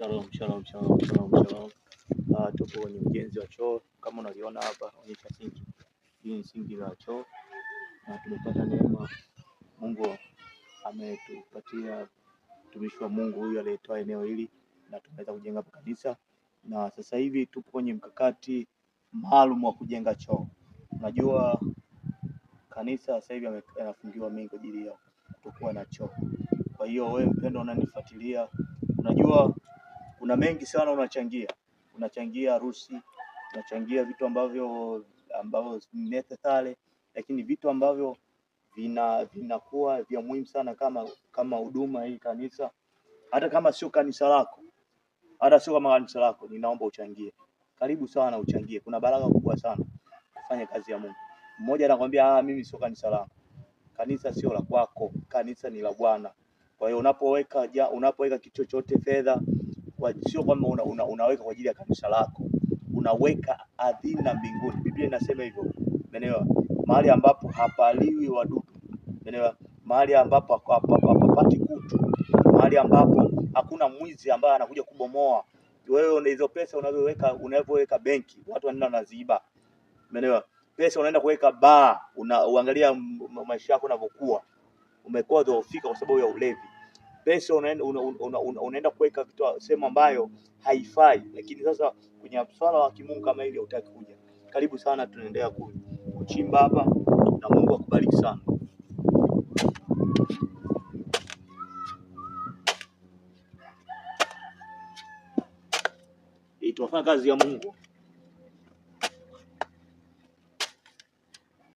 Shalom, shalom, shalom, shalom, shalom. Uh, tupo kwenye ujenzi wa choo kama unaliona hapa, onyesha sinki. Hii ni sinki la choo na tumepata neema. Mungu ametupatia mtumishi wa Mungu huyu aliyetoa eneo hili na tumeweza kujenga hapa kanisa, na sasa hivi tupo kwenye mkakati maalum wa kujenga choo. Unajua kanisa sasa hivi yanafungiwa mengi kwa ajili ya kutokuwa na choo. Kwa hiyo wewe mpendo unanifuatilia, unajua kuna mengi sana unachangia, unachangia harusi, unachangia vitu ambavyo ambavyo necessary, lakini vitu ambavyo vina vinakuwa vya muhimu sana kama kama huduma hii kanisa, hata kama sio kanisa lako, hata sio kama kanisa lako, ninaomba uchangie. Karibu sana uchangie, kuna baraka kubwa sana kufanya kazi ya Mungu. Mmoja anakuambia ah, mimi sio kanisa lako. Kanisa sio la kwako, kanisa ni la Bwana. Kwa hiyo unapoweka ja, unapoweka kitu chochote fedha kwa sio kwamba una, una, unaweka kwa ajili ya kanisa lako, unaweka ardhini na mbinguni. Biblia inasema hivyo, umeelewa? Mahali ambapo hapaliwi wadudu, umeelewa? Mahali ambapo hapapati kutu, mahali ambapo hakuna mwizi ambaye anakuja kubomoa wewe. Hizo pesa unazoweka, unavyoweka benki, watu wanaenda wanaziiba, umeelewa? Pesa unaenda kuweka baa, unaangalia maisha yako unavyokuwa, umekuwa dhofika kwa sababu ya ulevi pesa unaenda, una, una, una kuweka sehemu ambayo haifai. Lakini sasa kwenye swala wa kimungu kama ile hautaki kuja. Karibu sana, tunaendelea kuchimba hapa na Mungu akubariki sana. Tunafanya kazi ya Mungu.